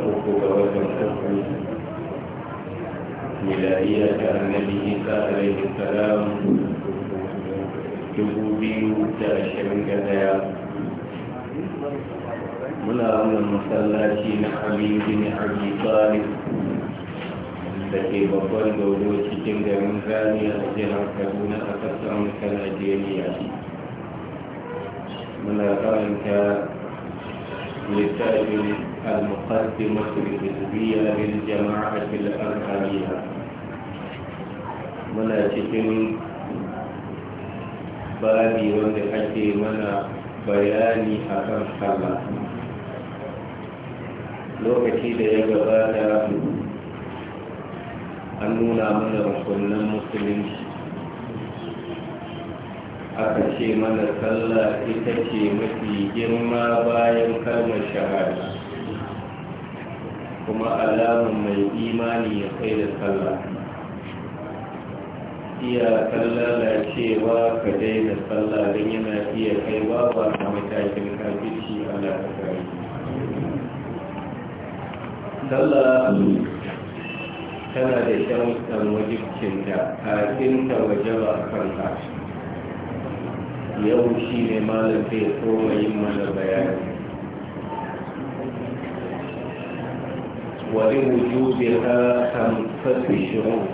uku ga dubu biyu da ashirin da muna wannan masallaci na ali bin abi talib da ke babban dodo cikin garin zaniya a jihar kaduna a kasar amurka najeriya muna karanta لسائر المقدمة الحزبية للجماعة الأرهابية منا تشين بادي وند أشي منا بياني أكم حالا لو أكيد يجب هذا أنونا من رسولنا aka ce mana sallah ita ce mafi girma bayan kalmar shahada kuma alamun mai imani ya kai da sallah iya lalacewa ka da sallah don yana iya kaiwa ba a matakin kafirci a lafakari sallah tana da shan wajibcin da kafin ta waje ba kanka yau shi ne malam ko koma yin mana bayani wani wujude ha hamsar shirin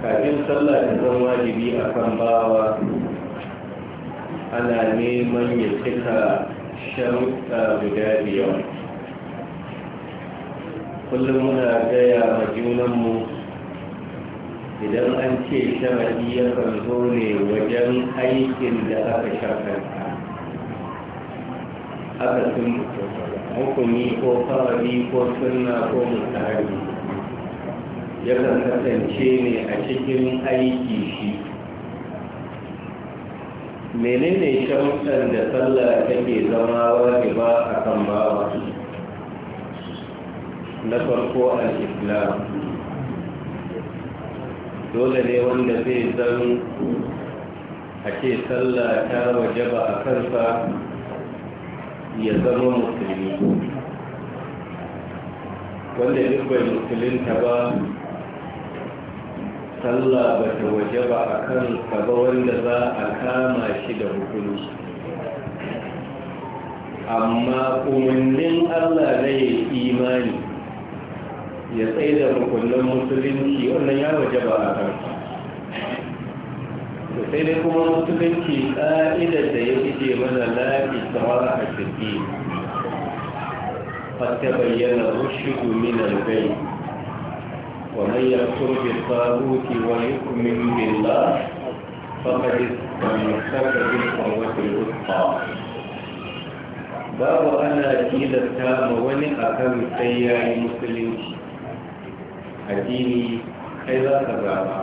kafin sallah ta zan wajibi a kan bawa ana neman ya cika sharuɗa guda biyar kullum muna gaya ma junanmu idan an ce sharadi ya zo ne wajen aikin da aka shakarta aka sun hukumi ko farari ko suna ko mutane ya kan kasance ne a cikin aiki shi menene sharuɗan da sallah take zama ba a kan bawa na farko al-islam dole ne wanda zai zan a ce sallah ta ba a kansa ya zama musulmi wanda duk bai ta ba sallah ba ta ba a kansa ba wanda za a kama shi da hukunci amma umarnin allah na yi imani ya tsaye da rukunan musulunci wannan ya waje ba a kan da sai dai kuma musulunci ƙa'idar da ya fice mana lafi tsawar a ciki hatta bayyana rushidu min al-gai wa man yakfur bi tsaruti wa yu'min billah faqad istamsaka bil qurwati al-wuthqa babu ana tilasta ma wani akan sai yayi musulunci addini kai za ka zaba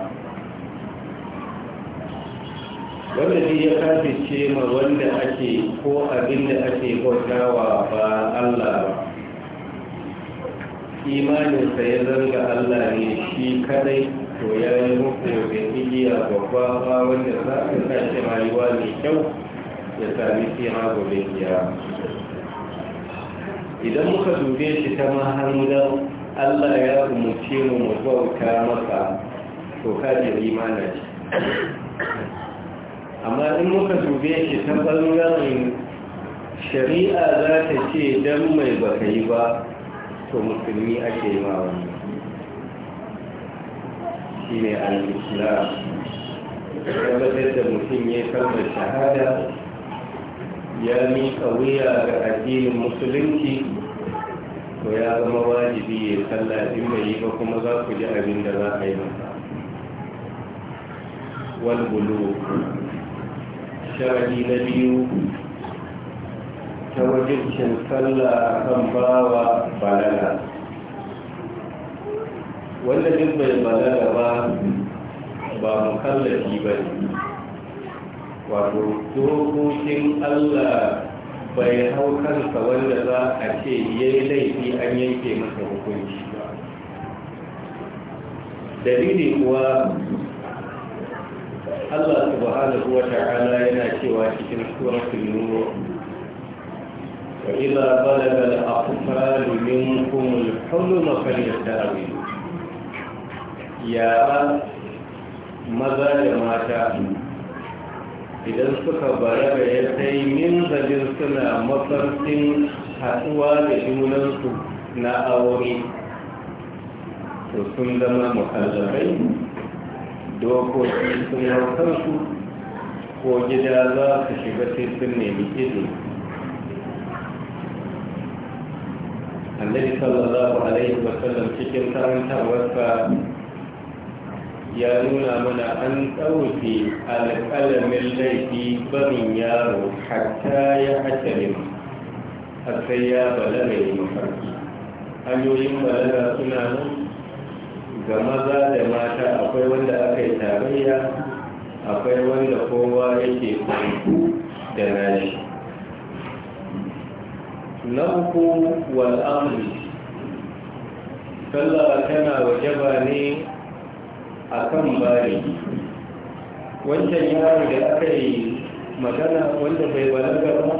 wanda shi ya kafice ma wanda ake ko abin da ake kwatawa ba Allah ba imaninsa ya zanga Allah ne shi kadai to ya yi muku da igiya babba ba wanda za ka sashi rayuwa mai kyau ya sami hagu gobe idan muka dube shi ta mahangar Allah ya umarce mu mu bauta masa to kaje imana ce amma in muka dube shi ta bangaren shari'a za ta ce dan mai baka yi ba to musulmi ake ma wani shi ne al-islam da mutum ya kama shahada ya miƙa wuya ga addinin musulunci to ya zama wajibi ya sallah in bai yi ba kuma za ku ji abin da za a yi masa wal bulu sharadi na biyu ta wajibcin sallah kan bawa balaga wanda duk bai balaga ba ba mu mukallafi ba ne wato dokokin allah bai hau kansa wanda za a ce ya yi laifi an yanke masa hukunci ba dalili kuwa Allah subhanahu wa ta'ala yana cewa cikin suratul nur وإذا بلغ الأطفال منكم الحلم minkum يا مزاج ما ya maza da mata idan suka balaga ya sai min zajin suna mafarkin haɗuwa da junansu na aure to sun zama makazarai, dokoki sun hau ko gida za su shiga sai sun nemi izini annabi sallallahu alaihi wasallam cikin karantarwarsa ya nuna mana an ɗauke alƙalamin laifi barin yaro hatta ya hatsarin har sai ya balaga ya mafarki hanyoyin balaga suna nan ga maza da mata akwai wanda aka yi tarayya akwai wanda kowa yake kwanku da nashi na uku wal'amri sallah tana wajaba ne a kan bari wancan yaro da aka yi magana wanda bai balaga ba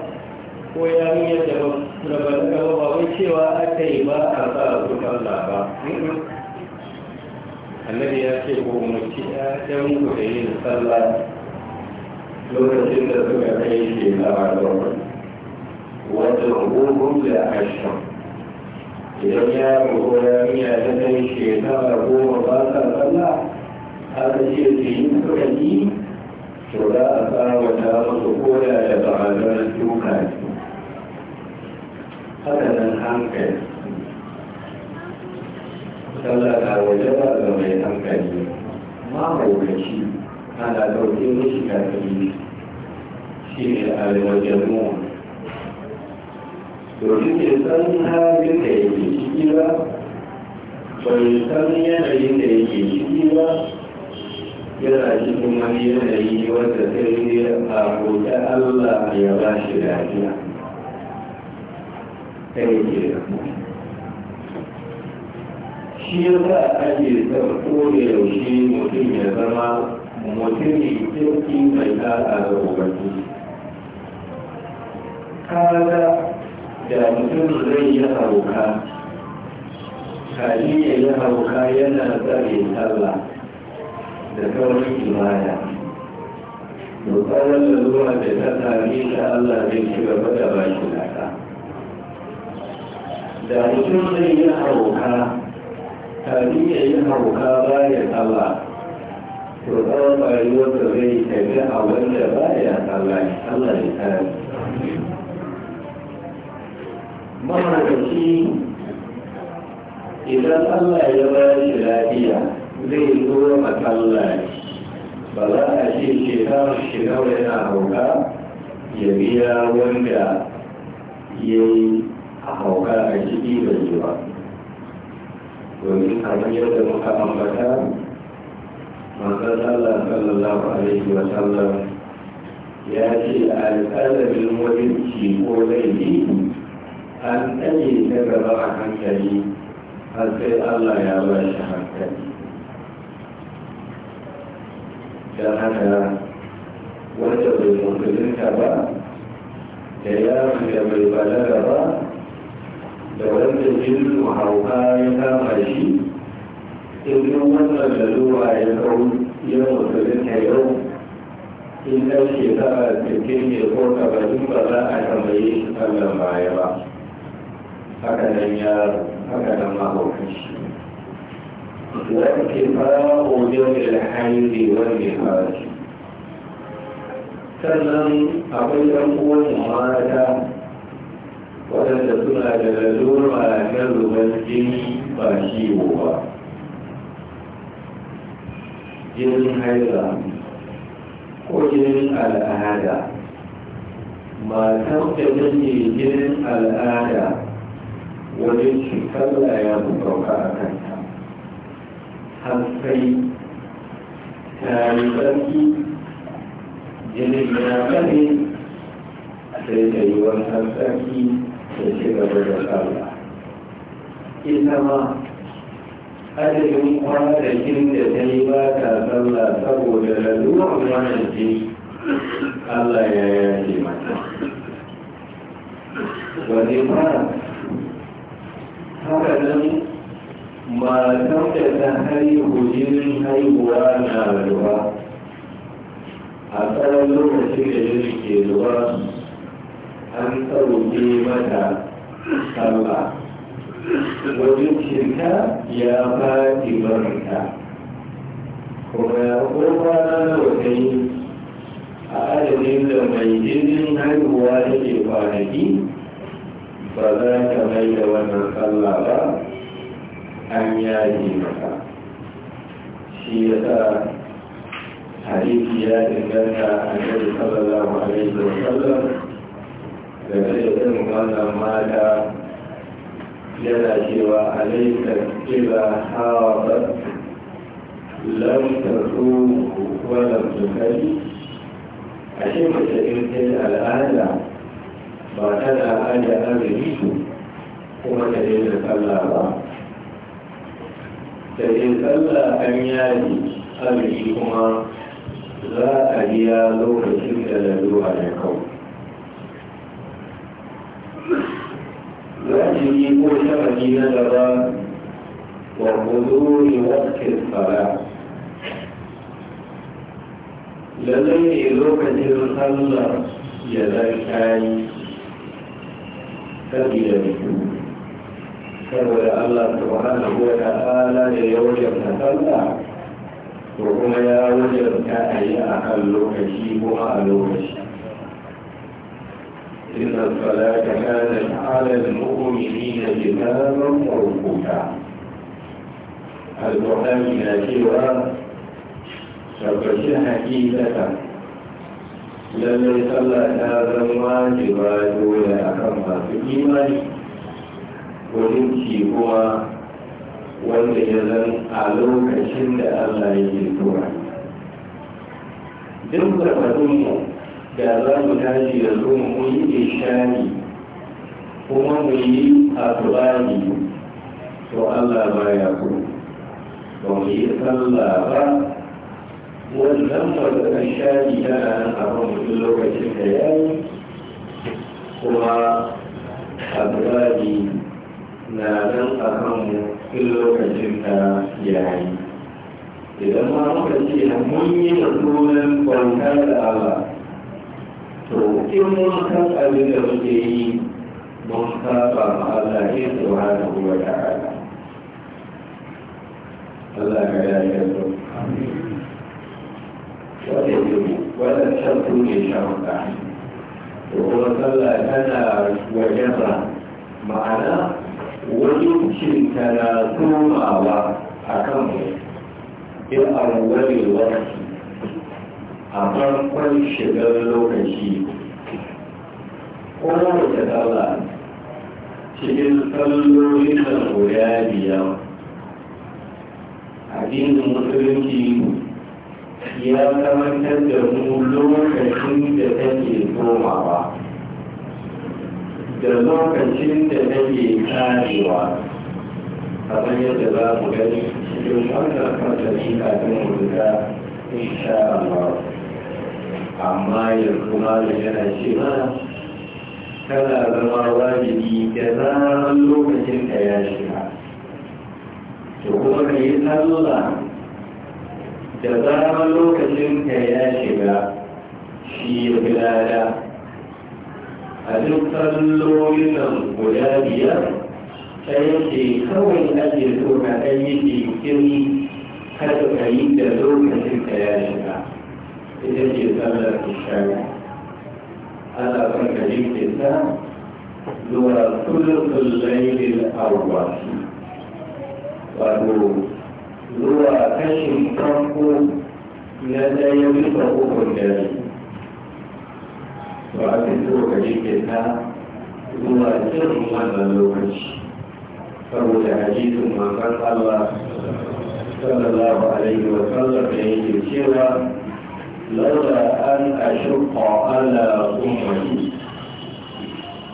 ko yi da ba balaga ba ba wai cewa aka yi ba a ba a kusan ba annabi ya ce ko umarci ɗayan ku da yin sallah lokacin da suka kai shekara bakwai wata hukum da ashirin idan ya ko yarinya ta kai shekara goma ba sa sallah aka ce su yi suka yi to za a tsawata su koya da barazanar duka ne haka nan hankali sallah ta waje ba ga mai hankali ma mawukaci ana ɗauke mishi kafin shi ne wajen mu domin ya san halin da yake ciki ba bai san yanayin da yake ciki ba yana cikin wani yanayi wanda sai ne a roƙi Allah ya ba shi lafiya kai ke shi yasa ake son ko da yaushe mutum ya zama mutum mutumin kirki mai ta'a da ubangiji kaga da mutum zai yi hauka kaji ya yi hauka yana tsare sallah da kawai ibada dokar da zuwa da ta sami da Allah zai ci gaba da ba shi naka da mutum zai yi hauka kafin ya yi hauka baya tsalla to tsawon da zai tafi a wanda baya tsalla Allah ya kare mahaukaci idan Allah ya ba shi lafiya zai zo masallaci ba za a ce shekarar shekarar yana hauka ya biya wanda ya yi a hauka a ciki da jiwa domin kamar yadda muka ambata manzan Allah sallallahu alaihi wa sallam ya ce a alƙalamin wajenci ko laifi an ɗage ta gaba a hankali har sai Allah ya ba shi hankali don haka wanda bai musulunta ba da yaron da bai balaga ba da wanda jirgin hauka ya kama shi in wannan lalura ya kawo ya musulunta yau in ɗan shekara cikin ya ko tabarin ba ba za a tambaye shi sallan baya ba haka nan yaro haka nan mahaukaci والكفاء يوم الحيض والنفاس sannan akwai ɗan uwan mata waɗanda suna da lalura na zuban jini ba ciwo ba jinin haila ko jinin al'ada matan da nake jinin al'ada wajen shi kalla ya bukauka a kan har sai ta tsarki jinin ya kare sai ta yi tsarki da ci gaba da sallah ita ma adadin kwanakin da ta yi ba ta tsalla saboda lalurar wannan jini Allah ya yaje mata wani fara haka nan matan da ta haihu jinin haihuwa na zuwa a tsaron lokacin da ya ke zuwa an ɗauke mata sallah wajen cinta ya faɗi barka kuma ya kowa na lokaci a adadin da mai jinin haihuwa da ke kwanaki ba za ta mai da wannan sallah ba an yaye maka shi ya sa hadisi ya danganta a gari sallallahu alaihi wa sallam da zai irin wannan mata yana cewa alaika kila hawa lam tasu wa lam tukali a shi mace in kai al'ada ba tana ajiye azumi kuma ta daina sallah ba da yin tsalla an yari arziki kuma za a biya lokacin da lalura ya kawo wajibi ko sharadi na gaba wa huzuri wakil fara lallai ne lokacin Allah ya zai kayi sabida mutum saboda Allah subhanahu wa ta'ala da ya wajabta sallah to kuma ya wajabta a yi a kan lokaci kuma a lokaci إن الصلاة كانت على المؤمنين كتابا موقوتا القرآن إلى سوى tabbaci hakikata lallai sallah ta zama wajiba dole a kan masu imani wajen kewa wanda ya zan a lokacin da allah ya ke tura duk mu da za mu tashi da zo mu yi ishani kuma mu yi asuwani to allah ba ya ku ba mu yi sallah ba wannan maganar shari tana nan a kan lokacin da ya yi kuma asuwani na nan a kanmu in lokacin ta yayi idan ma muka ce mun yi da tunan kwanta da Allah to in mun san abin da muke yi mun saba ma Allah ne subhanahu wa ta'ala Allah ka yarda da su wanda yake wannan shan ne shan ta to kuma sallah tana wajen ma'ana wajen tana komawa a kan in arware wasu a farkon shigar lokaci kowace tsalla cikin tsallolin da guda biyar addinin musulunci ya kamantar da mu lokacin da take komawa da lokacin da nake karewa kamar yadda za ku gani cikin wannan fasari kafin mu fita insha Allah amma kuma da yana ce mana tana zama wajibi da zarar lokacin da ya shiga to kuma ka yi sallah da zarar lokacin da ya shiga shi ya fi lada abin kallolin nan guda biyar ta yake kawai ake so ka ɗan yi jikin kada ka yi da lokacin ka ya shiga ita ce sallar ishaya Allah kan ka jikin ta zuwa sulhul lailil awwal wato zuwa kashin farko na ɗaya bisa ukun dare ba a cikin lokaci ke ta zuwa irin wannan lokaci saboda hadisin manzon Allah sallallahu alaihi wa sallam da yake cewa laula an ashqa ala ummati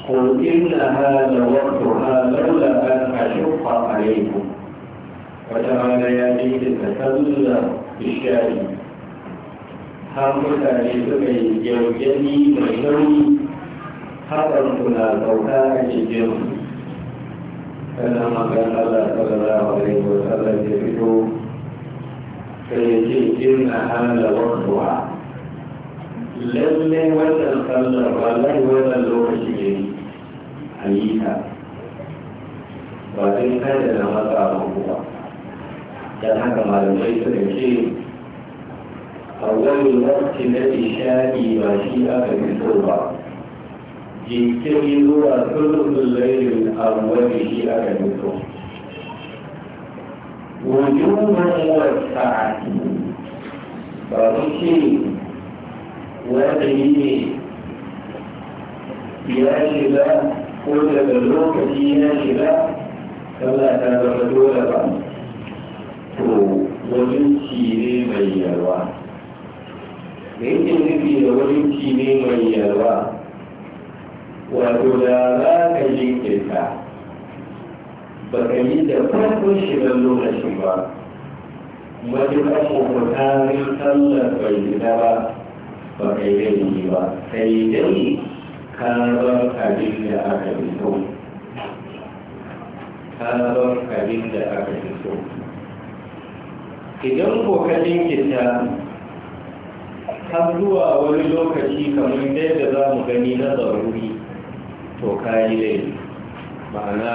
قل إن هذا وقتها لولا أن أشق عليكم وتعالى يا جيد تسلى بالشارع har mutane suka yi yaujeni mai nauyi haɗar kuna sauka a cikin kana magan Allah sallallahu alaihi wa sallam ya fito sai ya ce inna hala waqtuha lalle wannan sallar wallahi wannan lokaci ne a yi ta ba sai kai da na matsa ba dan haka malamai suka ce أول الوقت الذي شاهي وشيء بالتوبة جنكي هو ثلث الليل الأول شيء بالتوبة وجوبا وسعة فبكي وقيل يا شباب قلت بالروح يا شباب كما تنبغي لك وجنكي لي من يروى da yake nufi da wurinci ne mai yalwa wato da za ka jinkirta ba ka yi da farkon shigar lokacin ba Wajen matuƙar kokotarin sallar bai gida ba ba ka yi gani ba sai dai karar abin da aka fi so karar abin da aka fi so idan kokarin kita har zuwa wani lokaci kamar yadda za mu gani na zaruri to kayi laifi ma'ana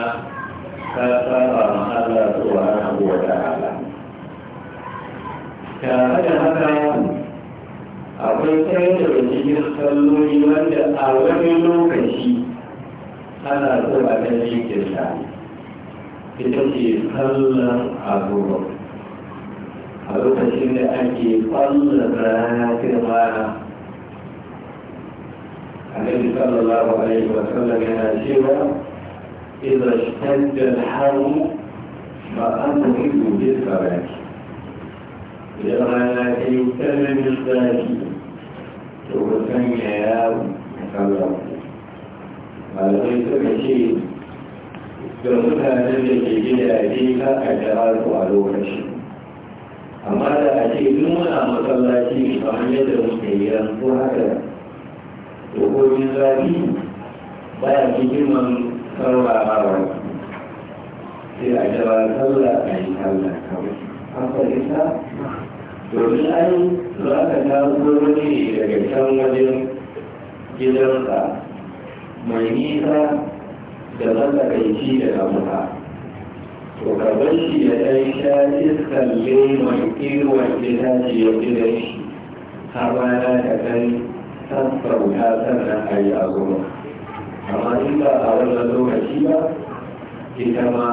ka tsara ma'ala zuwa na abuwa da ala tare da haka akwai tsayin da cikin salloli wanda a wani lokaci ana zuwa ta jikin sa ita ce sallan abubuwa a lokacin da ake kwallon rana cikin rana annabi sallallahu alaihi wa sallam yana cewa idza ishtadda al-harm fa anfiqu bis-salati idan rana ta yi tsananin zafi to ku sanya yawo a sallar malamai suka ce da mutanen da ke gidaje za a jira su a lokaci amma da a ce duk muna masallaci kamar yadda muke ko haka to komin zafi baya a saurarawa sai a jaba sallah a yi sallah kawai haka isa domin yi za ka taso ne daga can wajen gidansa mai nisa da matsakaici da kamuka to ka bar shi ya ɗan sha iskan lemon irwan itace ya fi da shi har rana ka kai sassauta sannan a yi azuma amma in ba a wannan lokaci ba ita ma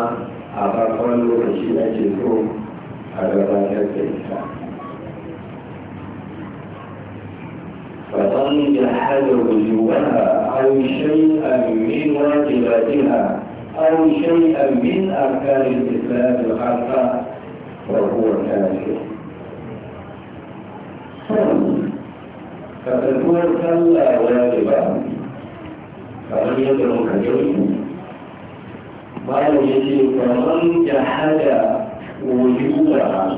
a farkon lokaci ake so a gabatar da ita فطن يحذر وجوهها أو شيئا من واجباتها أو شيئا من أركان الإسلام الخاصة وهو كافر فتكون صلى واجبا فمن يدعو كجوي قال يجي فمن جحد وجوبها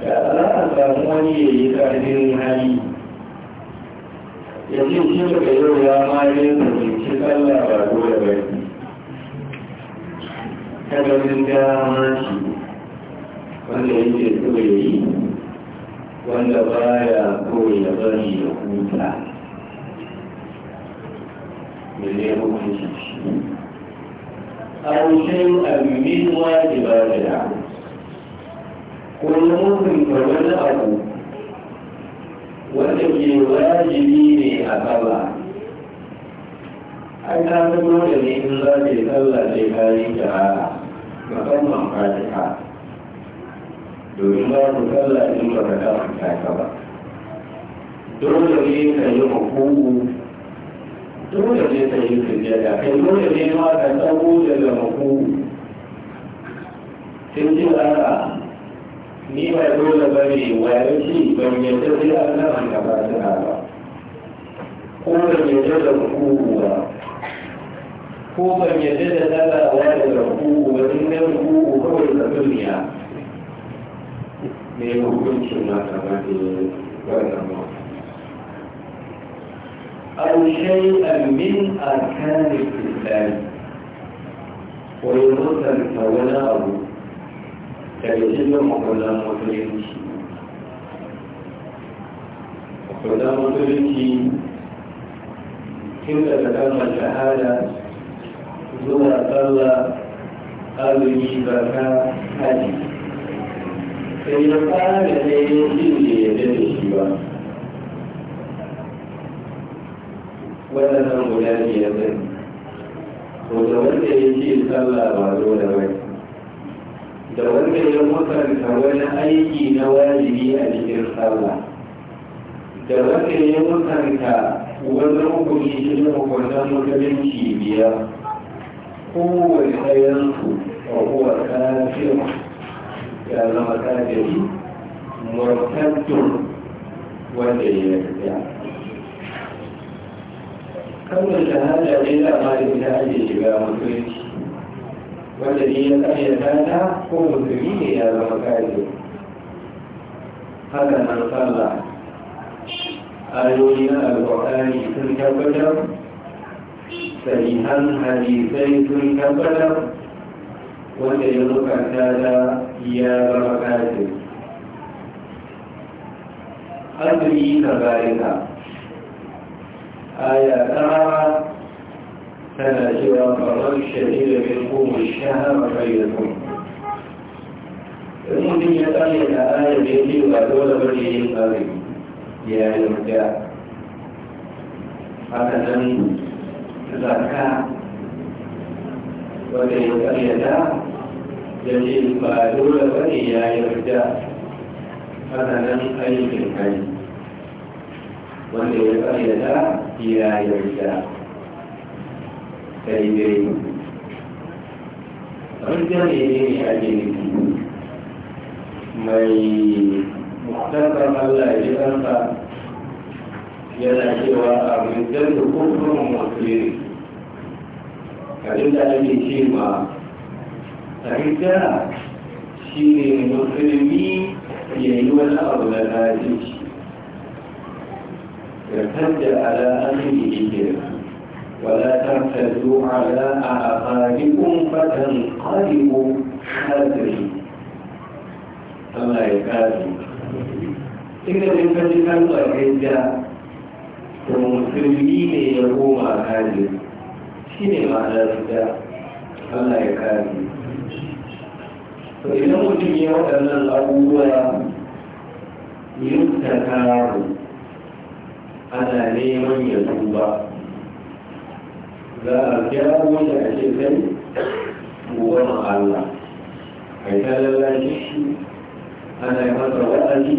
فلا تكوني لكافر حليم yanzu shi da yau ya ma yin da ke kalla ba dole ba ta ganin dama shi wanda yake so ya yi wanda baya ko ya bari da huta da ne hukunci shi haushin abin wajiba da ya ko mutum da wani abu wanda ke wajibi ne a kaba ai ta zama da ne in za ta yi tsalla sai kayi jama'a musamman fatiha domin babu sallah in ba ka karanta ta ba dole ne ka yi hukumu dole ne ka yi sujjada kai dole ne ma ka tsago daga hukumu sun ji a'a ni ba dole ba ne waye ci ban yi yadda sai an nan ka fatiha ba ko ban yadda da hukumu ba ko ban yadda da lalawa da rabu ba din nan ku kawai da duniya ne hukuncin na kama da wannan ma أو شيئا من أركان الإسلام ويمثل كونا أبو كيجب مقولا مسلمتي مقولا مسلمتي كيف تتم الشهادة zuwa sallah azumi zaka haji sai ya fara da yin shi da ya da shi ba waɗannan guda biyar ɗin to da wanda ya ce sallah ba zo da bai da wanda ya makanta wani aiki na wajibi a cikin sallah da wanda ya makanta wani hukumi shi ne hukuntar musulunci biyar kowane ɗayansu a kowa kafin ya zama kafiri murtattun wanda ya yarda kalmar shahada ne da ma da ita ake shiga musulunci wanda ne ya karyata ta ko musulmi ne ya zama kafiri haka nan sallah ayoyi na alƙur'ani sun tabbatar sahihan hadisai sun tabbatar wanda ya zukata da ya zama kashi azumi na zarika aya ta hawa tana cewa faruwar shari'a bin kuma shahara fayyarku rumunin ya tsaye da ayar da ya ce dole bari yin tsari ya yi mutya a kasan zaka wanda ya karyata da ce ba dole ba ne ya yarda hananan aikin kai wanda ya karyata ya yarda sai dai rujja ne ne a nufi mai muktasar Allah ya ji kansa yana cewa abin da kufurin musulmi abin da ake ce ma tarika shi ne musulmi ya yi wani abu na ƙarfi da tajja ala amini yake ولا ترتدوا على أعقابكم فتنقلبوا خاسرين كما يكاد إذا من فتنة الرجاء ومسلمين يقوم هذه shi ne ma'ana fita Allah ya kare to idan mutum ya waɗannan abubuwa yin ta karo ana neman ya duba za a jawo da a ce kai buwan Allah a yi lalace shi ana yi masa wa'azi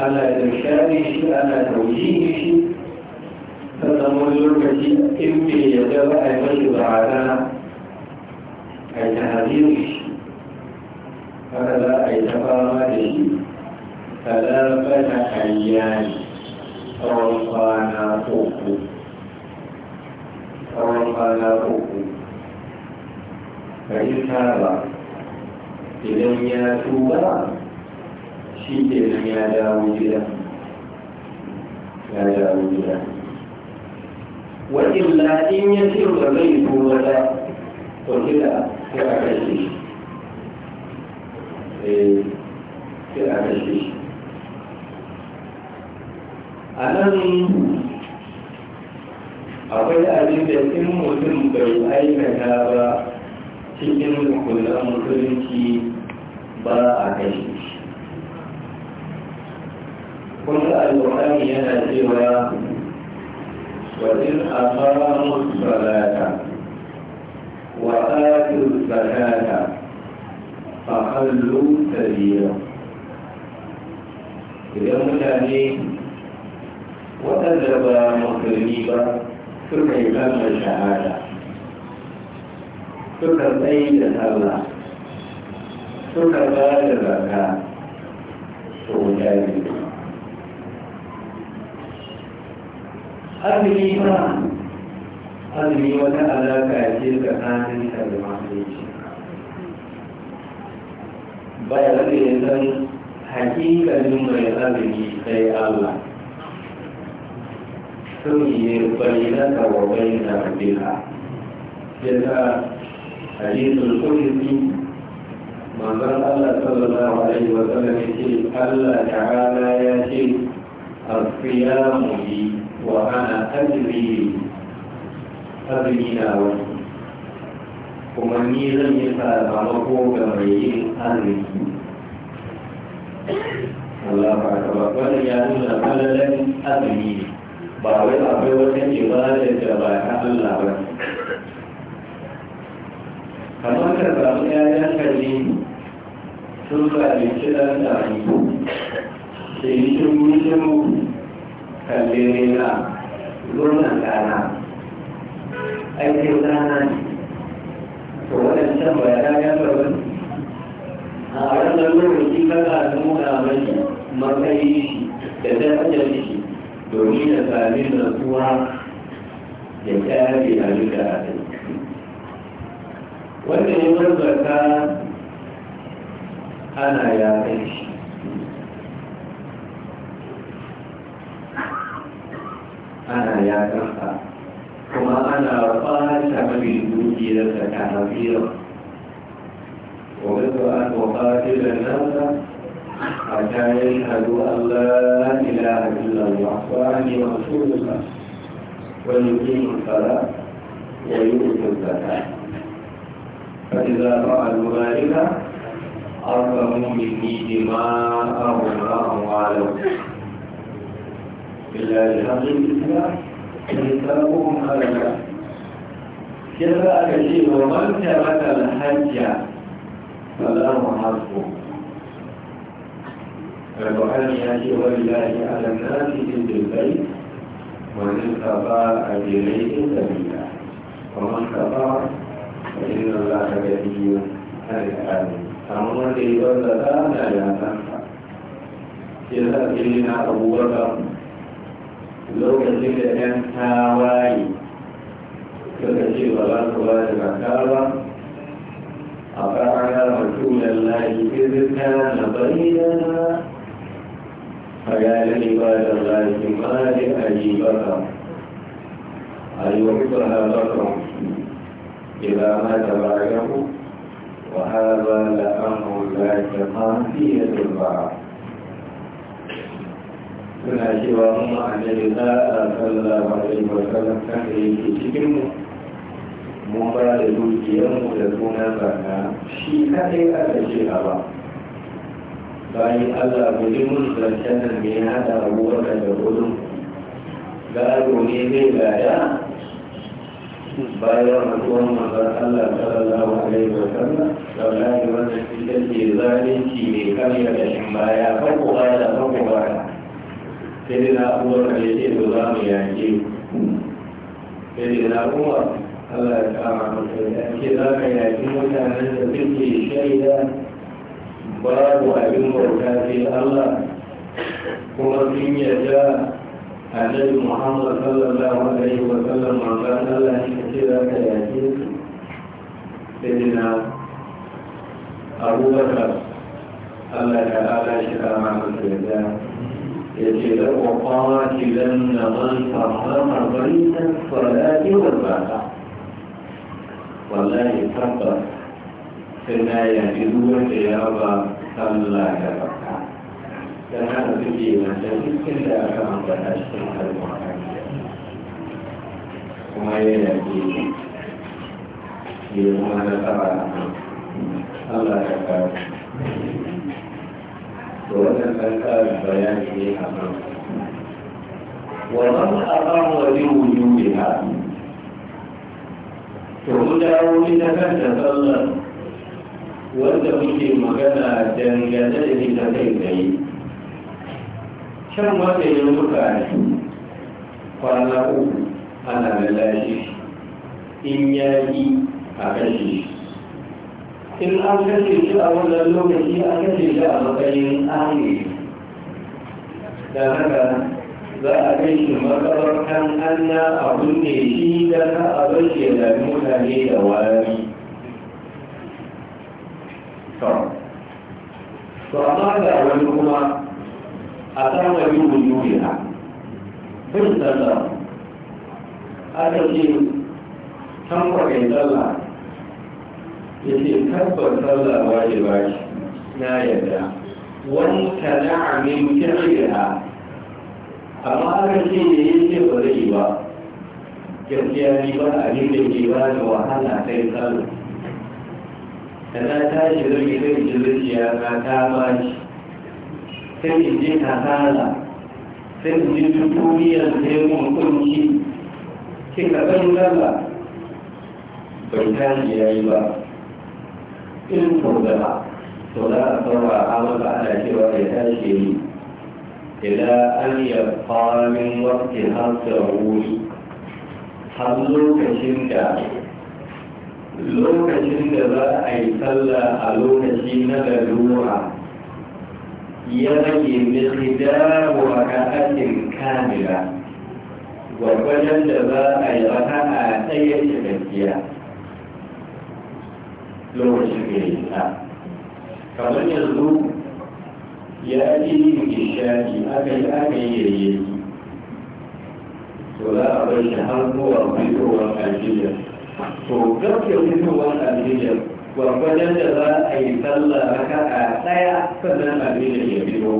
ana da share shi ana taujihi shi sannan wani lokaci in bai yadda ba a yi mashi ba'ana a yi ta hadiru shi haka za a yi ta fama da shi talabata ayyani tsawon kwana uku tsawon kwana uku kayi tara idan ya tuba shi ke ya dawo gida ya dawo gida وإلا إن يسر بيت ولا وكذا كذا كشيش كذا كشيش أنا akwai abin da in mutum bai aikata ba cikin hukunan musulunci ba a kai kuma alƙur'ani yana cewa وإن أقاموا الصلاة وآتوا الزكاة فخلوا سبيلا يوم ثاني وأدب مقربا ثم إمام الشهادة ثم بين صلى ثم قال زكاة ثم جاهل azumi ma azumi wata alaka ce tsakanin ka da mahaifi baya da ya san hakikalin mai azumi sai Allah sun yi bayyana wa bayyana bila ya sa hadisul kulli manzon Allah sallallahu alaihi wa sallam ya ce Allah ta'ala ya ce a asiyamu li وأنا أدري أدري ناوي kuma ni zan yi mako ga mai yin arziki Allah ba ka ba wannan ya nuna falalan azumi ne ba wai akwai wata ba da ta ba ta Allah ba kamar ka samu ƴaƴan ka ne sun da zalunci ɗan ɗani sai yi shiru shiru kalle ne na lunan dana aikin dana ne to waɗancan bayanan ya zaune a ranar lokaci kana nuna mai matsayi shi da darajar shi domin ya sami natsuwa da kyari a duka a wanda ya zarta ana ya kai shi أنا يا كفا كما أنا رفعت dukiyar da ta hafira وبدو أن أقاتل الناس حتى يشهدوا أن لا إله إلا الله وأني رسول الله ويقيم الصلاة ويؤتي الزكاة فإذا فعلوا ذلك أرغموا مني دماءهم وأموالهم بالله الحمد لله كتابهم هلك كذا أكشي ومن ترك الحج فله حظه القرآن يأتي ولله على الناس حج البيت ومن استطاع إليه سبيلا ومن استطاع فإن الله غني عن العالمين أما الذي ولد لا ينفع إذا كنا أبو بكر lokacin da ɗan tawaye suka ce ba za su ba da maka ba a ƙarƙar rasulun lahi izirka na bayyana فقال عباد الله ما لأبي بكر أيوبها بكر إذا مات بعده وهذا لأمر لا يقام في يد البعض suna cewa mu annabi za a sallallahu alaihi wa sallam kan da yake cikin mu mun ba da dukiyar mu da sunan sana shi kadai aka ce a ba bayan Allah ku ji mun zancen nan mai hada abubuwa da gudun gado ne zai gada bayan mutuwan manzon Allah sallallahu alaihi wa sallam sallahi wannan ita ke zalunci mai karya da shin baya kan ku bada kan ku sai da abubakar ya ce da za mu yaƙe sai da umar Allah ya kama mutum da ake za ka yaƙi mutanen da suke shaida babu abin bauta sai Allah kuma sun yarda annabi Muhammad sallallahu alaihi wa sallam manzon Allah ne ce za ka yaƙe su sai da abubakar Allah ya kama mutum da يجب وقاتلن من حرم بيت الصلاة والبعثة والله تبقى سنا يجدوا جواب صلى يبقى كما تجي مسجد إلا كما تأشتم المحمدية وما يجي يوم هذا الله يبقى to wannan kan karin bayani ne a nan wannan aban wani wuyu ha to mu dawo ni na kan da sallar wanda muke magana dangane da ita kai tsaye shan wata yin mutane kwana uku ana lalace in yaƙi a kashe shi in an kashe shi a wannan lokaci an kashe shi a matsayin ahli da haka za a kai shi makabartan hanya a kunne shi da ka a bashi da mutane da wari to amma ga wani kuma a kama yi wujuri ha bin sallah aka ce kan kwarai sallah ya ce tabbar sallah waje ba shi na yadda wani tana a min kirkira amma aka ce da ya ce ba zai ba gaskiya ni ba a ni da ke ba da wahala sai tsaro. da na tashi zai zai ji zuciya na ta ba shi sai in je kasala sai in ji tutuniyar sai mun kunci kika san sallah bai tashi ya yi ba cikin gaba to za a saurara maka ana cewa ya tashi yi ila an yi min wakti hamsa wuri har lokacin da lokacin da za a yi sallah a lokaci na lalura ya rage mikidaru a ka'atin kamila gwagwajen da za a yi raka a tsaye cikakkiya lokacin kamar yanzu ya ce yin ishaki aka yi aka yi yayyaki to za a bar shi har zuwa fitowar alhijir to gaske fitowar alhijir gwagwajen da za a yi sallah raka a ɗaya sannan alhijir ya fito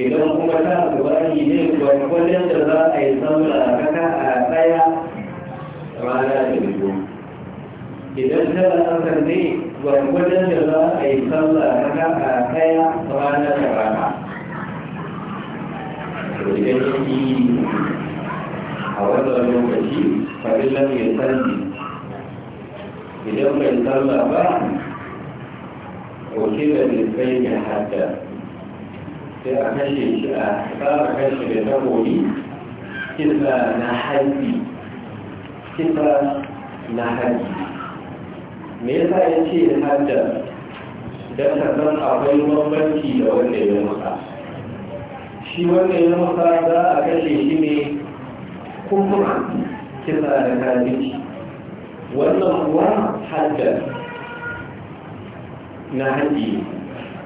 idan kuma ta yi ne gwagwajen da za a yi sallah raka a tsaya rana da fito idan tara asar ne gwargwadon da za a yi sallah raka a kaya rana da rana idan yake a wannan lokaci farilan ya salli idan bai sallah ba wakilin da sai ya hada sai a kashe shi a tsara kashe da tabori kisa na haji kisa na haji me yasa ya ce da hajjar don sannan akwai bambanci da wanda ya musa shi wanda ya musa za a kashe shi ne kuma kisa da kaji wannan kuwa hajjar na haji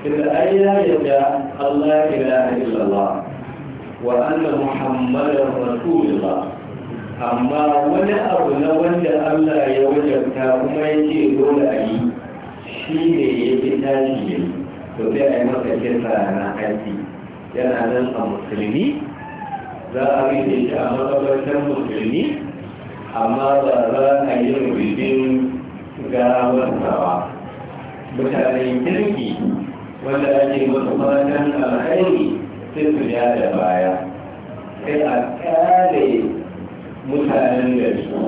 kisa ai yadda Allah ya ilaha illallah wa anna muhammadar rasulullah amma wani abu na wanda Allah ya wajabta kuma ya ce dole a yi shi ne ya fi tashi ne to sai a yi masa kisa na haji yana nan a musulmi za a yi da shi a makabartar musulmi amma ba za a yi rubutun gawarsawa Mutane kirki wanda ake masu fatan alhaini sai su ya da baya sai a kare mutanen da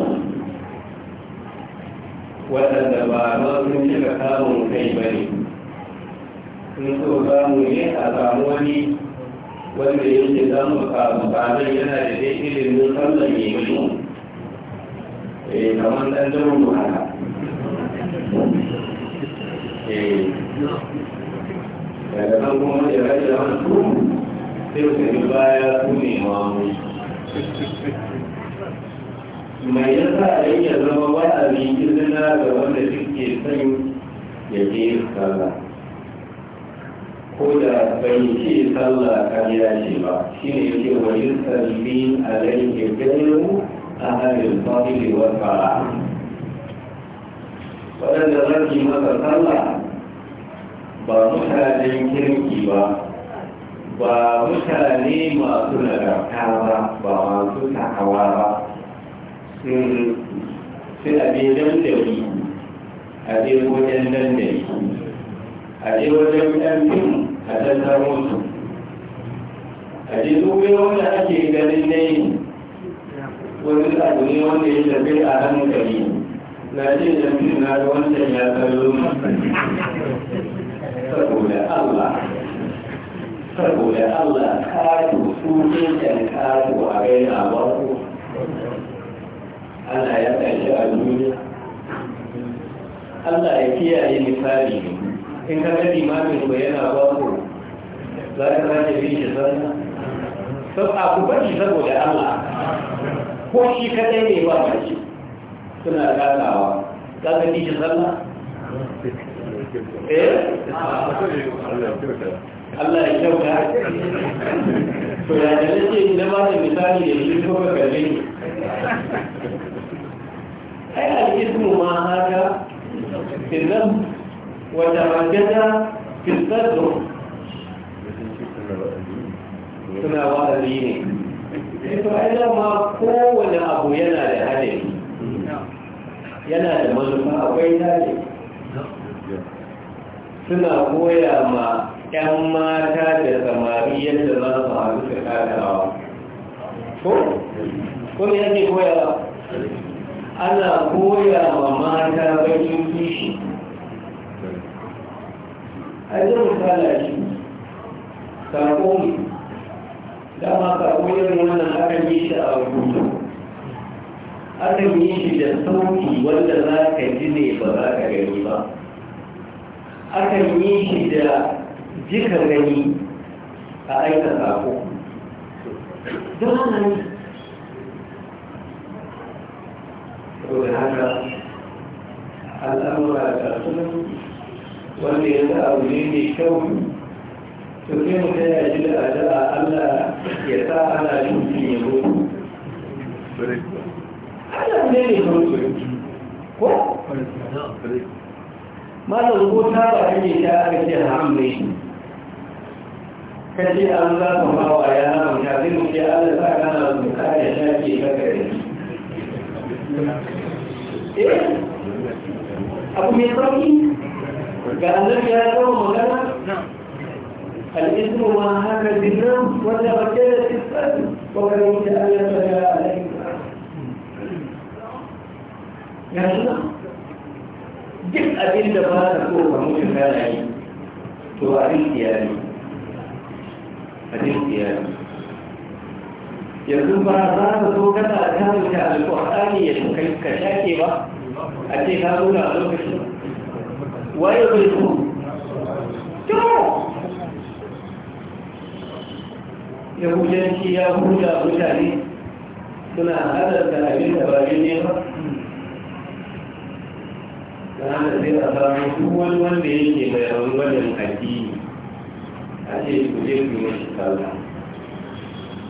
waɗanda ba ma sun cika samun kai ba ne sun so samu ne a samu wani wanda yake za mu kafafanan yana da dai ilimin sallan ya yi eh kamar ɗan jamun buhara eh daga nan kuma da rage da wani sai su baya su ne mamu mai yasa dan ya zama wa'azi izina ga wanda suke son ya je sallah ko da bai ce sallah kariya ce ba shi ne yake wa yi salli alaihi gairu a hannun fadili wa fara waɗanda zan yi masa sallah ba mutanen kirki ba ba mutane masu nagarta ba ba masu takawa ba sai a je dandali a je wajen dandali a je wajen ɗan fim a tattaro su a je duk wanda ake ganin ne wani abu ne wanda ya tafi a hankali na ce ɗan fim na ga wanda ya kallo saboda Allah saboda Allah ka tutu ɗin ka a gaina ba ku ana ya shi a duniya Allah ya kiyaye misali in ka ga limamin ku yana ba ku za ka sake bin shi sannan sau a ku bar shi saboda Allah ko shi kadai ne ba mace suna ganawa za ka bi shi sallah eh Allah ya kyauta to ya da nake ba da misali da shi kuma kalli ai al'ismu ma haka filin wata magana filfardo suna wa'azi ne eh, to ai dama kowane abu yana da hadari yana da manufa akwai hadari suna koya ma 'yan mata da samari yadda za su haɗu da kakawa ko? ko ne koya ana koya wa mata bakin kishi a zai misala shi sako ne dama sako yin wannan aka yi shi a rubutu akan yi shi da sauki wanda za ka ji ne ba za ka gani ba akan yi shi da jika gani a aika sako Dole haka al'amura da sunan wanda yanzu abu ne mai kyau to mu ta yaji da addu'a Allah ya sa ana jinkin ya zo Allah ne ne ko mata rubuta ba kake ta aka haram ne kace an za ka bawa ya haram ya zai mu ce Allah sa ya shafe ka إيه؟ أبو ميطاكي كأن لك يا قوم ولا نعم الإثم وهذا الذنب ولا بكيت الفم وكلمة ألف يا عليك يا شيخ duk abin da ba ta ko ba mutum na yi to abin yanzu ba za ka so kana karanta alƙur'ani ya kai ka shaƙe ba a ce ka zo na lokaci waye bai so to yahudanci ya huda mutane suna hadar da abin da ba ne ba na da zai a duk wani wanda yake bayan wajen wannan addini a ce ku je ku yi mashi sallah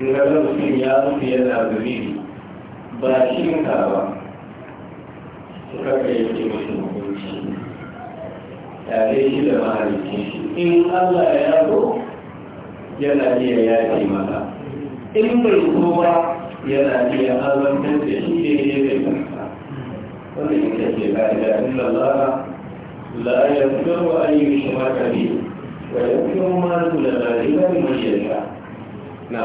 sai ga ya rufe yana zuri ba shi ka ba suka kai yake mashi hukunci tare shi da mahalicin shi in allah ya zo yana iya yaƙi mata in bai kowa yana iya halartar da shi ne ne bai kanta wanda ita ce ka'ida in lallara la ya zaro an yi shi makari wa ya fi yau ma zuwa da lalari na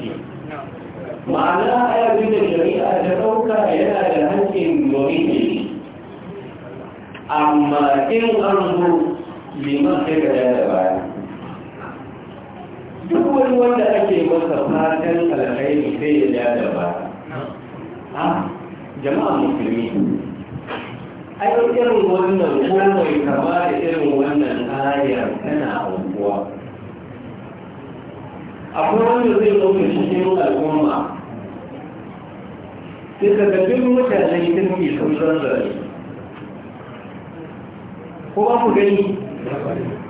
ma'ana ayabin da shari'a da ɗauka yana da hankin domin ne amma in an zo liman sai ka da baya duk wani wanda ake masa fatan alkhairi sai ya da baya jama'a musulmi ai irin wannan kowai mai kama da irin wannan ayar tana aukuwa akwai wanda zai ɗauke cikin al'umma sai ka gajin mutanen kirki sun zanzare ko ba ku gani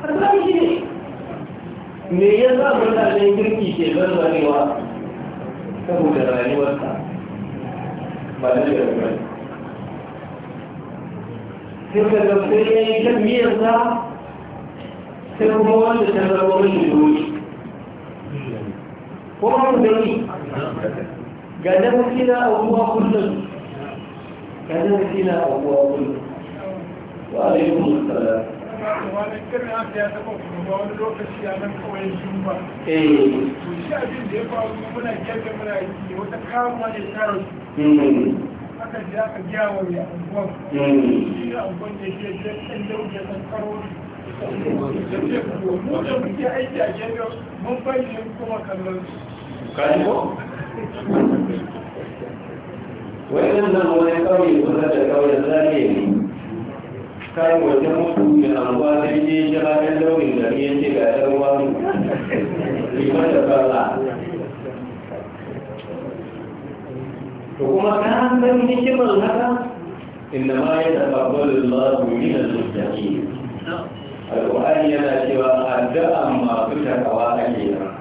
arziki ne me ya sa mutanen kirki ke zanzarewa saboda rayuwarsa ba da ya rubar sai ka gajin ya yi kan miyarsa sai kuma wanda ta zama wani ko ba ku gani ga namtina abuwa kullum ga namtina abuwa kullum wa yi musala wani kirin aka ya taba kuma wani lokaci a nan kawai yin ba to shi abin da ya faru muna gefe muna yi wata kamuwa ne tara su aka ji aka gya wa mai shi anguwan da ke je ɗan ɗan karo mu da muke aiki a kuma وإنما هو يقوي وذات قوي الثانيين كان وجمعت من أموال الجيشة لو من جميع جبال الوام لمن تفرع وما كان من شمل هذا إنما يتقبل الله من المتقين القرآن يلا سوى أداء ما كتب وأجيرا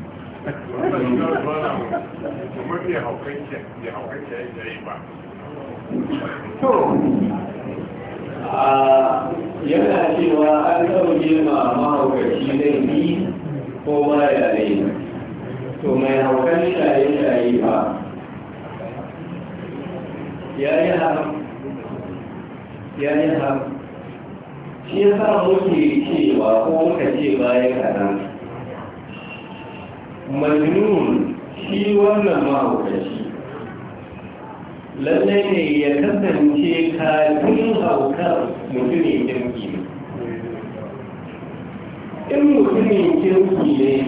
yana cewa an ɗauke ma mahaukaci laifi ko mara yare to mai haukan shaye-shaye ba ya yi haram ya yi haram shi ya sa muke cewa ko muka ce bayan kanan majnun shi wannan mahaukaci lallai ne ya kasance kafin haukar mutumin kirki ne in mutumin kirki ne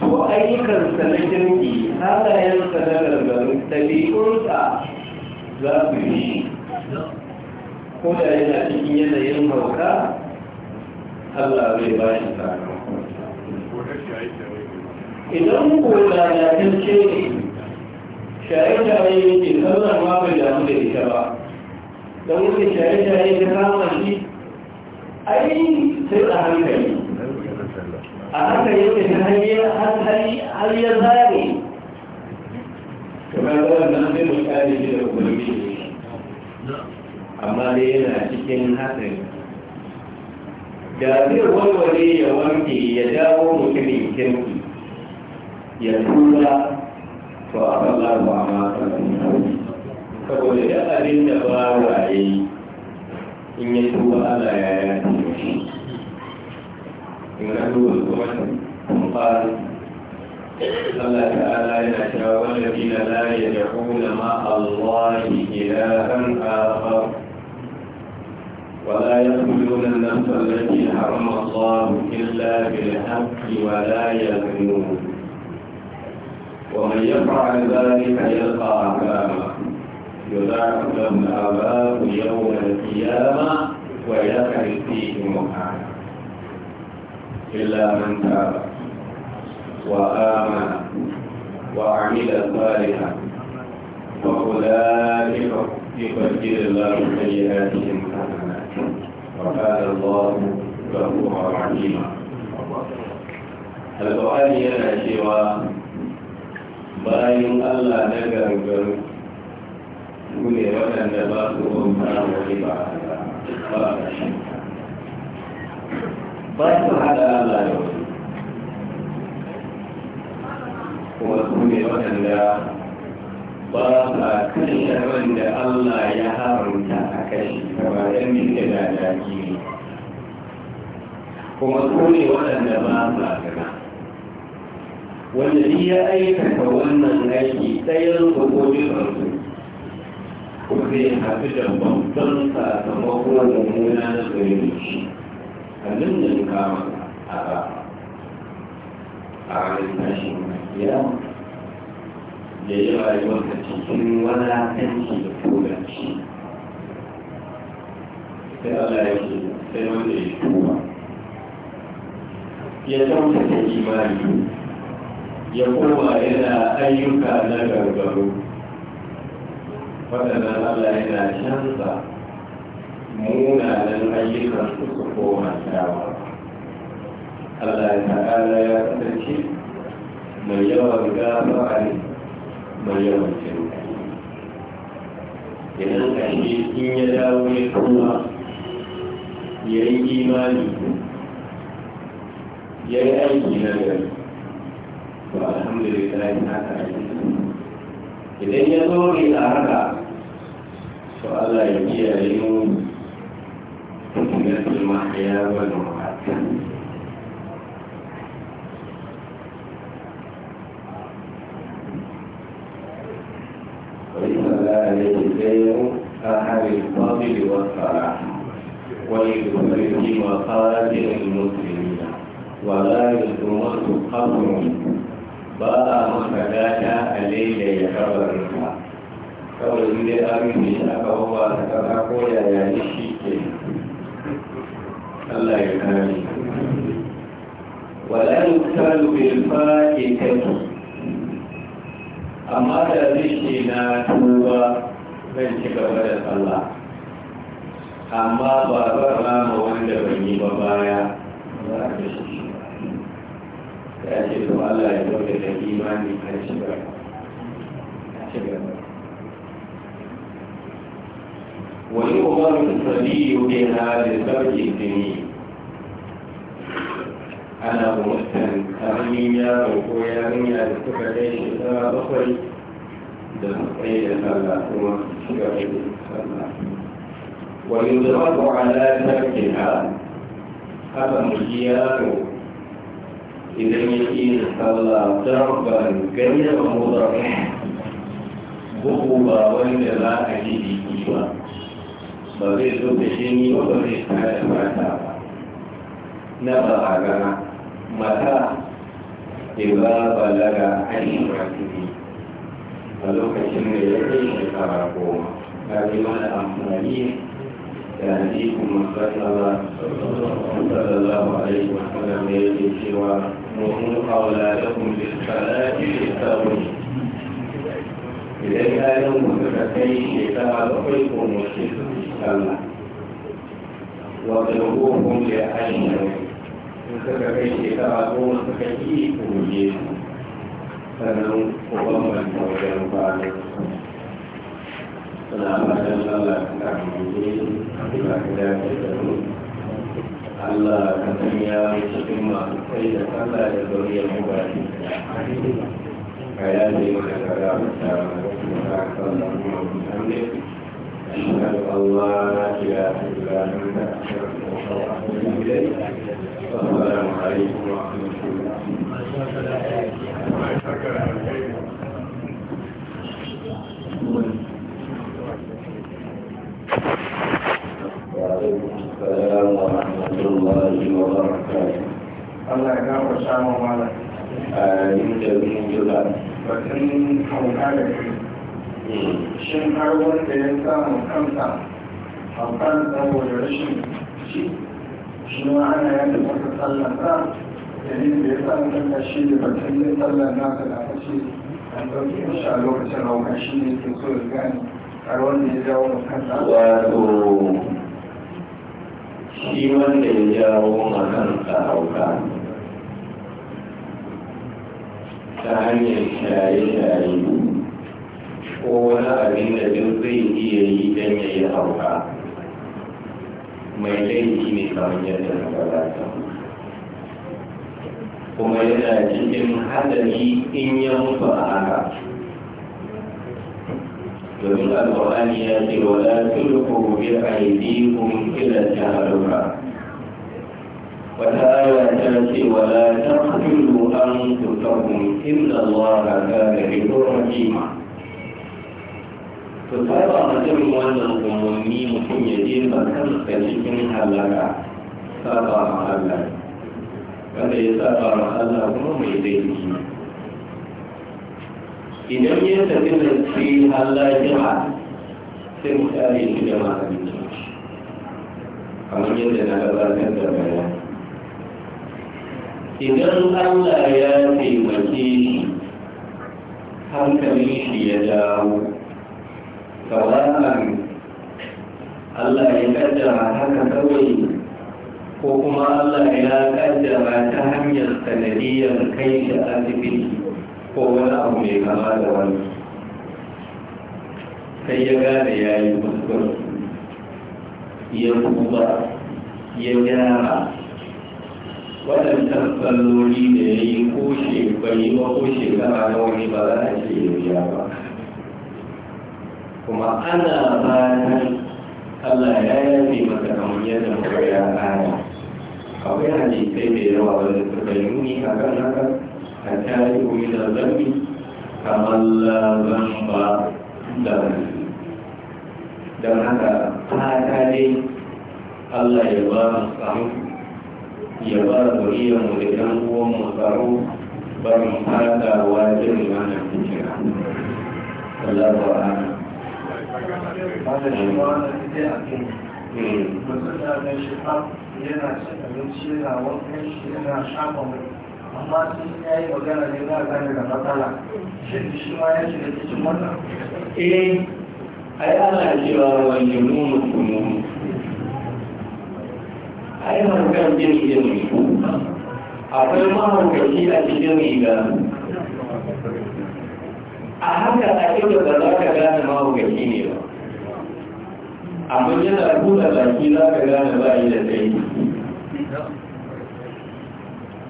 ko ayyukansa na kirki halayensa na gargaru ɗabi'unsa za su yi ko da yana cikin yanayin hauka Allah zai ba shi sakamakon idan ko lalatacce ne shaye-shaye yake sallar ma bai damu da ita ba don wani shaye-shaye ta kama shi ai sai a hankali a hankali yake ta har ya zare kamar wannan sai mu kare shi da ubangiji amma dai yana cikin hatsari da zai warware ya wanke ya dawo mutumin kirki ya tura to a kan lafa a makon saboda ya abin da ba yi, in ya tura ala ya ya taimaki in na duba kuma kumfari Allah ta'ala yana cewa wanda fina la ya da'una ma Allah ilahan akhar ولا يقتلون النفس التي حرم الله إلا wala ya يزنون ومن يفعل ذلك يلقى عذابا يضاعف له العذاب يوم القيامة ويخلد فيه مكانا إلا من تاب وآمن وعمل صالحا واولئك يفجر الله سيئاتهم حسنات وكان الله غفورا رحيما القرآن سوى bayan Allah na gargaru su ne waɗanda ba su bauta wani ba ba ba su haɗa Allah da wasu kuma su ne waɗanda ba sa kashe da Allah ya haramta a ba kamar yadda da daji kuma su ne waɗanda ba sa gana wanda ni ya aikata wannan aiki ɗayan hukumin farko zai hafi da babban sakamako da muna na gari shi a nan da kama a a ranar tashin ya da yi rayuwarka cikin wani wadatanci da kogaci sai Allah ya ce sai wanda ya tuba ya zama ta imani ya kowa yana ayyuka na gargaru waɗannan allah yana canza munanan ayyukan su su koma kyawa allah ya ta'ala ya kasance mai yawan gafara ne mai yawan cinta idan ƙashe in ya dawo ya kuma ya yi imani ya yi aiki na gari to alhamdulillah haka ake idan ya zo ne a haka to Allah ya kiyaye mu da kuma ya wani mata وليس لا يجزي أحد الفضل والصلاح ويدخل في مخارج المسلمين ولا يدخل قبر ba a masa gata a laila ya kabarin ka kawai dai abin da ya aka hawa ta kasa ko ya yayi shi ke Allah ya kare wala fara bil fa'ikatu amma da zai na tuba zan ci gaba da sallah amma ba zan rama wanda bai yi ba baya za ka shi ya ce to Allah ya dauke da imani a shigar wani umarin sabi yuke na da sarki jini ana mutan karamin yaro ko yarinya da suka kai shekara bakwai da su tsaye da sallah kuma su shiga da sallah wani zuwa ala sarki ha haka mu ji yaro idan ya ƙina sallah darban ganyen mudar buku ba wanda za a yi jiki ba ba zai zo da shini ba ba zai kada mata ba na ba a gana mata ba balaga a yi rasuri a lokacin da ya kai shekara goma ta yi mana amfani da hadisi musallama sallallahu alaihi wasallam ya ce cewa وقوا أولادكم للصلاة يستغني إذا كانوا متفتين يتابعكم وشركوا في الصلاة وضربوهم لأجلهم متفتين يتابعكم وتفتيكم جيسوا sannan kuɓanɓar wajen bayan suna fatan lalata a mace a kuɗa da ya Allah kan sanya mai cikin masu kai da Allah da zuriyar mu ba ka ya ce mana kara mata mata sallan kuma mutane أشهد أن لا إله إلا أنت أشهد أن لا السلام عليكم ورحمة الله وبركاته السلام ورحمة الله وبركاته الله يجعل السلام عليكم آمين جميل جدا وكن حوالك shin har wanda ya samu kansa a kan saboda rashin ci shi ma ana yadda masa sallan sa dalilin da ya samu kanka shi da batun yin sallan nasa da aka ce an ɗauki mashi a lokacin rauka shi ne ke so ya gane har wanda ya jawo kansa wato shi wanda ya jawo makan sarauka ta hanyar shaye-shaye ko wani abin da duk zai iya yi don ya yi hauka mai laifi ne kamar yadda na gabata kuma yana cikin hadari in ya mutu a haka ومن القرآن يأتي ولا تلقوا بأيديكم إلى التهلكة وتعالى تأتي ولا تقتلوا أنفسكم إن الله كان بكم رحيما فصار مثل مولدكم مني مكم يدين فكم تشكن حلقا صار محلقا فليس صار محلقا مولدكم مولدكم idan ya tafi da shi halajira sai mu kare jama'a a maganin kamar yadda na gabatar da bayan idan allah ya taimake shi hankalin shi ya dawo tawaran allah ya kaddara haka kawai ko kuma allah ya kaddara ta hanyar sanadiyar kai shi asibiti ko wani abu mai kama da wani Kai ya gane ya yi kuskure ya kuma ya gyara waɗancan tsalloli da ya yi kushe bai wa kushe gama na wani ba za a ce ya ba kuma ana ta Allah ya yafe mata kamar yadda muka ya kaya akwai hadisai mai yawa wanda suka yi muni a kan haka التائب إلى الذنب كمن لا ذنب dan haka fata ne Allah ya ba mu tsaro ya ba zuriyar mu da ɗan uwan mu tsaro ba mu fata wa Allah ba a ba da shi abinci shafa amma sun ya yi magana ne na gane da matsala shi shi ma ya shiga cikin wannan eh ai ana cewa wani nuna kunu ai harkar jin jini akwai mahaukaci a cikin riga a haka a kyau da za ka gane mahaukaci ne ba abin yana buɗe baki za ka gane ba yi da tsayi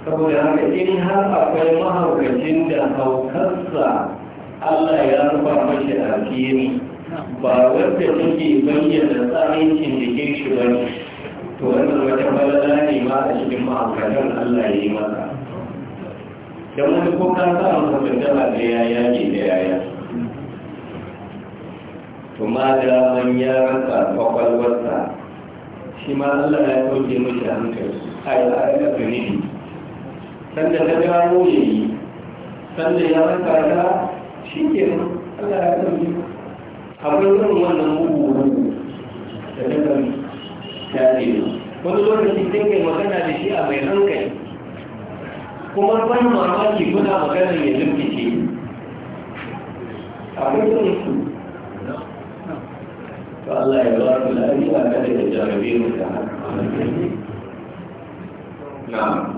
saboda haka in har akwai mahaukacin da haukarsa Allah ya rufa mashi a fiye ba wadda suke bayyana tsarincin da ke shi ba ne to wannan wata balala ne ma a cikin mahaukatan Allah ya yi maka don wani ko ka sa a mutuntar da yaya ne da yaya kuma da man ya rasa kwakwalwarsa shi ma Allah ya ɗauke mashi hankali a yi a yi sanda ta gano ya yi sanda ya raka ta shi ke Allah ya ɗauki akwai irin wannan mugu da ta kan ne wani lokaci sai kai magana da shi a mai hankali kuma ban mamaki kuna magana ya limfice akwai irin su to Allah ya ba su da ajiya kada ya jarabe mu da haka na'am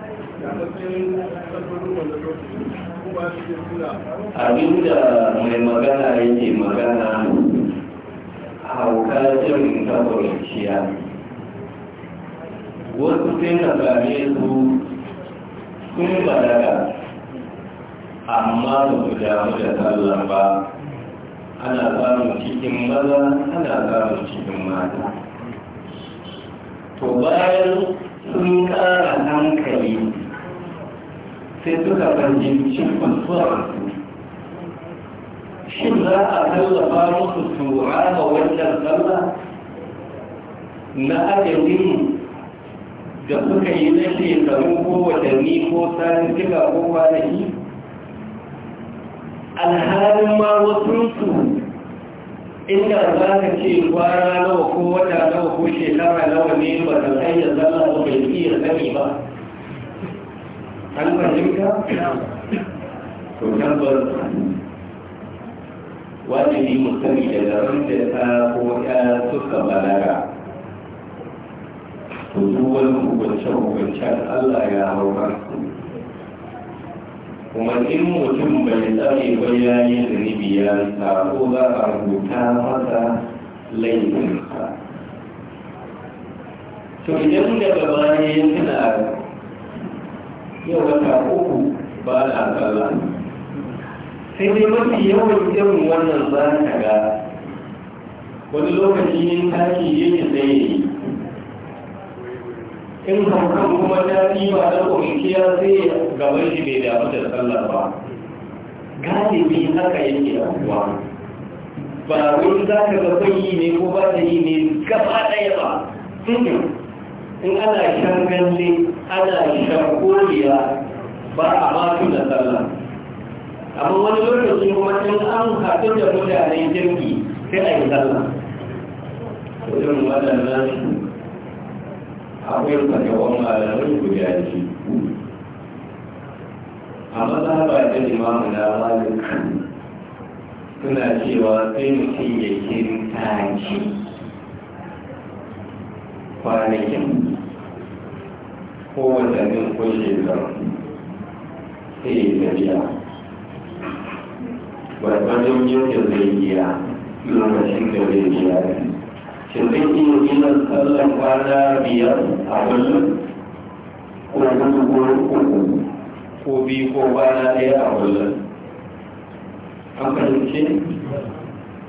abin da mai magana yake magana hauka jirin kabarciya wasu sai na same su sun balaga amma ba su damu da sallar ba ana samun cikin maza ana samun cikin mata to bayan sun kara hankali sai suka fahimci kuskura shin za a tallafa musu tura ga wannan sallah na adadin da suka yi na shekaru ko watanni ko sati suka ko kwanaki alhalin ma wasu su inda za ka ce kwana nawa ko wata nawa ko shekara nawa ne ba ta hanyar zama ba bai iya sani ba an fahimta to tabbas wajibi mu sani da zaran da ta ko ya suka balaga to duk wani hukunce-hukuncen Allah ya hau kansu kuma in mutum bai tsare ba ya yi zunubi ya sako za a rubuta masa laifinsa to idan daga baya ya tuna yau wata uku ba na sallah sai dai mafi yawan irin wannan za ka ga wani lokaci ne taki yake yi. in haukan kuma ta ba da kwanciya zai gaban shi bai damu da sallah ba galibi haka yake da kuwa ba wani za ka ga yi ne ko ba ta yi ne gaba ɗaya ba hmm. in ana shan ganle ana shan koriya ba a matu na sallah amma wani lokaci kuma in an haɗu da mutane jirgi sai a yi sallah irin waɗannan akwai wani malamai guda biyu a ba ta mu na malik suna cewa sai mutum ya kirtaci kwanakin ko watannin ko shekaru sai ya tafiya gwargwadon yadda zai iya lokacin da zai iya shi zai iya gina tsallan kwana biyar a kullum ko hudu ko uku ko biyu ko kwana ɗaya a kullum an fahimci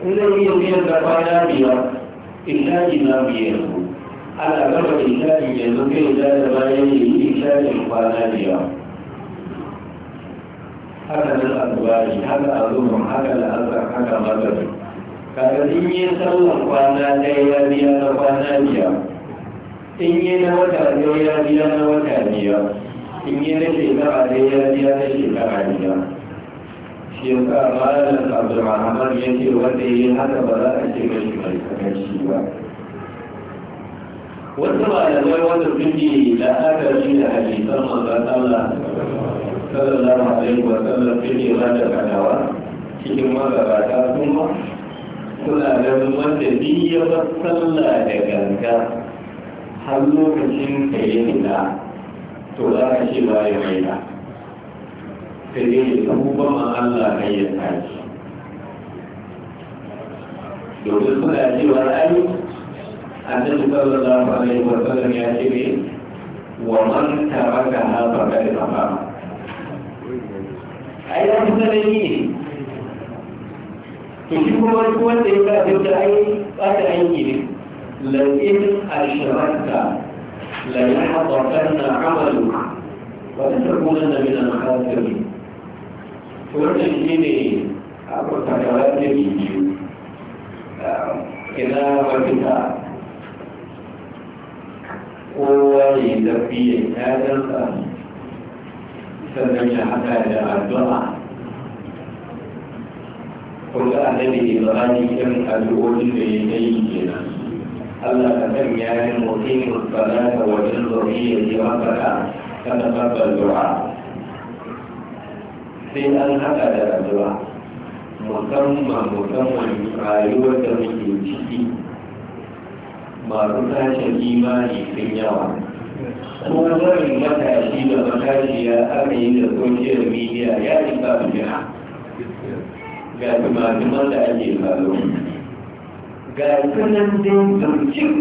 in zai iya biyan da kwana biyar ina ina biyar ana gama ishafin yanzu kai da da bayan yi ishafin kwana da yawa haka nan azubari haka azumin haka la'azar haka mazarin kaga in yi sallan kwana ɗaya ya biya na kwana biya. in yi na wata ɗaya ya biya na wata biya. in yi na shekara ɗaya ya biya na shekara biya. shi ya sa malam abdulrahman ya ce wanda ya yi haka ba za a ce mashi mai sakaci ba wanda ba da mai wanda suke da aka shi da hadisan manzon Allah sallallahu alaihi wa sallam suke rada kadawa cikin magabata kuma suna ganin wanda bi ya bar sallah da ganga har lokacin da ya nuna to za ka ce ba ya mai da sai dai ya tuba ma Allah kai ya tashi domin suna cewa ai annabi sallallahu alaihi wa sallam ya ce ne wa man taraka ha faqad kafa ai da musulmi ne to shi kuma wani wanda ya ga da ai bata aiki ne la in ashrakta la yahdakanna amaluka wa la takunanna min al-khasirin to wannan shine abu takara ne biyu kina wata kowa ya tafi ya ƴaƴansa sannan ya haɗa da addu'a kuma annabi ibrahim irin addu'o'in da ya yi nan. Allah ka san ya yi mutum salata wajen jin zuriya ji masara ta tabbatar du'a sai an haɗa da addu'a musamman musamman rayuwar da muke ciki masu tashin imani sun yawa ko zarin matashi da matashiya aka yi da social media ya yi ba jiha ga tumatuman da ake falo ga sunan din zurcin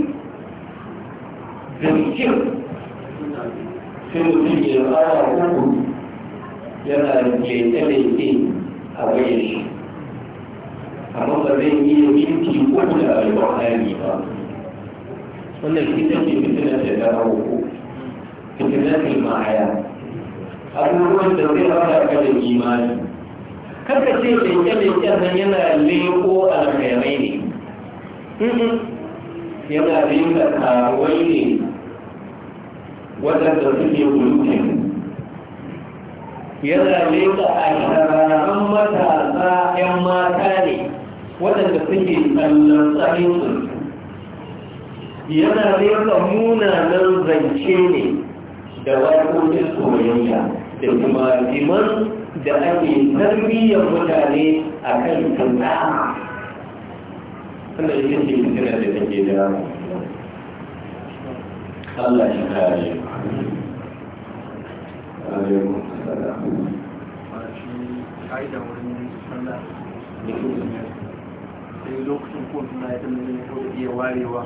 zurcin sai mutum ya fara uku yana leke-leke a bayan shi amma ba zai iya cikin uku da yi ba wannan ita ce fitina da dawo fitina ce ma'aya abubuwan da zai fara kanin imani karka ce leke-leken nan yana leko alkhairai ne yana rinka karuwai ne waɗanda suke kulkin yana leka a shararren matasa 'yan mata ne waɗanda suke tsallon tsarinsu yana rera munanan zance ne da waƙoƙin soyayya da kuma liman da ake tarbiyyar mutane a kan kanta sannan ita ce fitina da take da Allah shi kare alaikum salam ƙa'ida wurin sallah da lokacin kotu na ya tambaye ne kawai iya warewa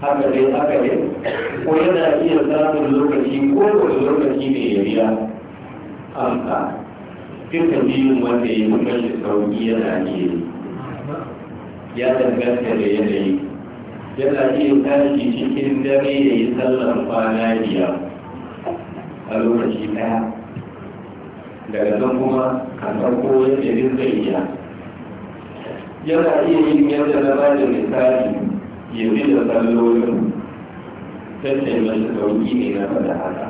haka dai haka dai ko yana iya samun lokaci ko wani lokaci ne ya biya amsa dukkan biyun wanda ya fi mashi sauƙi yana iya ya danganta da yanayi yana iya tashi cikin dare ya yi sallar kwana biyar a lokaci ɗaya daga nan kuma a farko yadda duk zai iya yana iya yin yadda na ba da misali ya da sallolin tattalin sauki ne na fada haka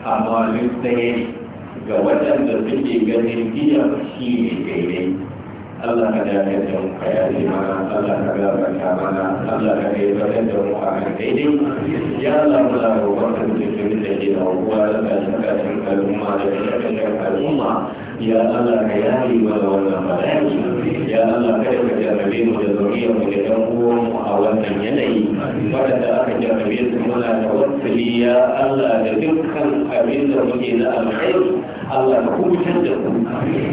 amma duk ɗaya ne ga waɗanda suke ganin biya shi ne daidai Allah ka dace da mu ka yaje mana Allah ka gafarta mana Allah ka yi bayan da mu a kan daidai ya Allah mu da roƙon da cikin da ke da hukuwa da kashin kashin al'umma da kashin al'umma ya Allah ka yayi mana wannan ya Allah kada ka jarrabe mu da zuriyar mu da ɗan uwan mu a wannan yanayi waɗanda aka jarrabe su muna da wasali ya Allah da dukkan abin da muke na alkhairu. Allah ku wucin da ku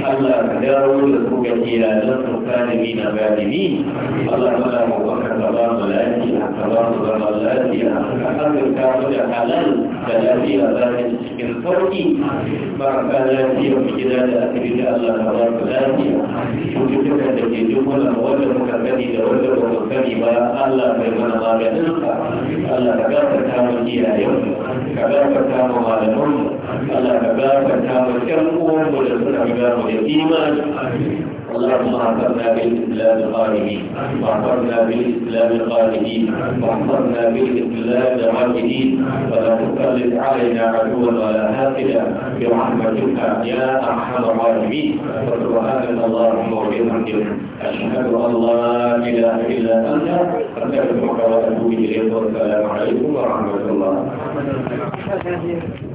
Allah ka dawo da ku ga iyalan ku kalimi na galimi Allah mana mu baka da ba mu lafiya ka ba mu zama lafiya ka ka mu da halal da lafiya za ta cikin sauki ba ka lafiya mu gida da asibiti Allah ka ba mu lafiya cututtukan da ke jumla wanda muka gani da wanda ba mu gani ba Allah bai mana maganinka Allah ka gafarta mu iyayenmu ka gafarta mu malamanmu ألا بابتها وكمهم ولسنا بباب يتيما اللهم اعطرنا بالاسلام الغالبين واعطرنا بالاسلام الغالبين واعطرنا بالاسلام الغالبين ولا تسلط علينا عدوا ولا هاتنا برحمتك يا ارحم الراحمين وسبحانك اللهم وبحمدك اشهد ان لا اله الا انت استغفرك واتوب اليك والسلام عليكم ورحمه الله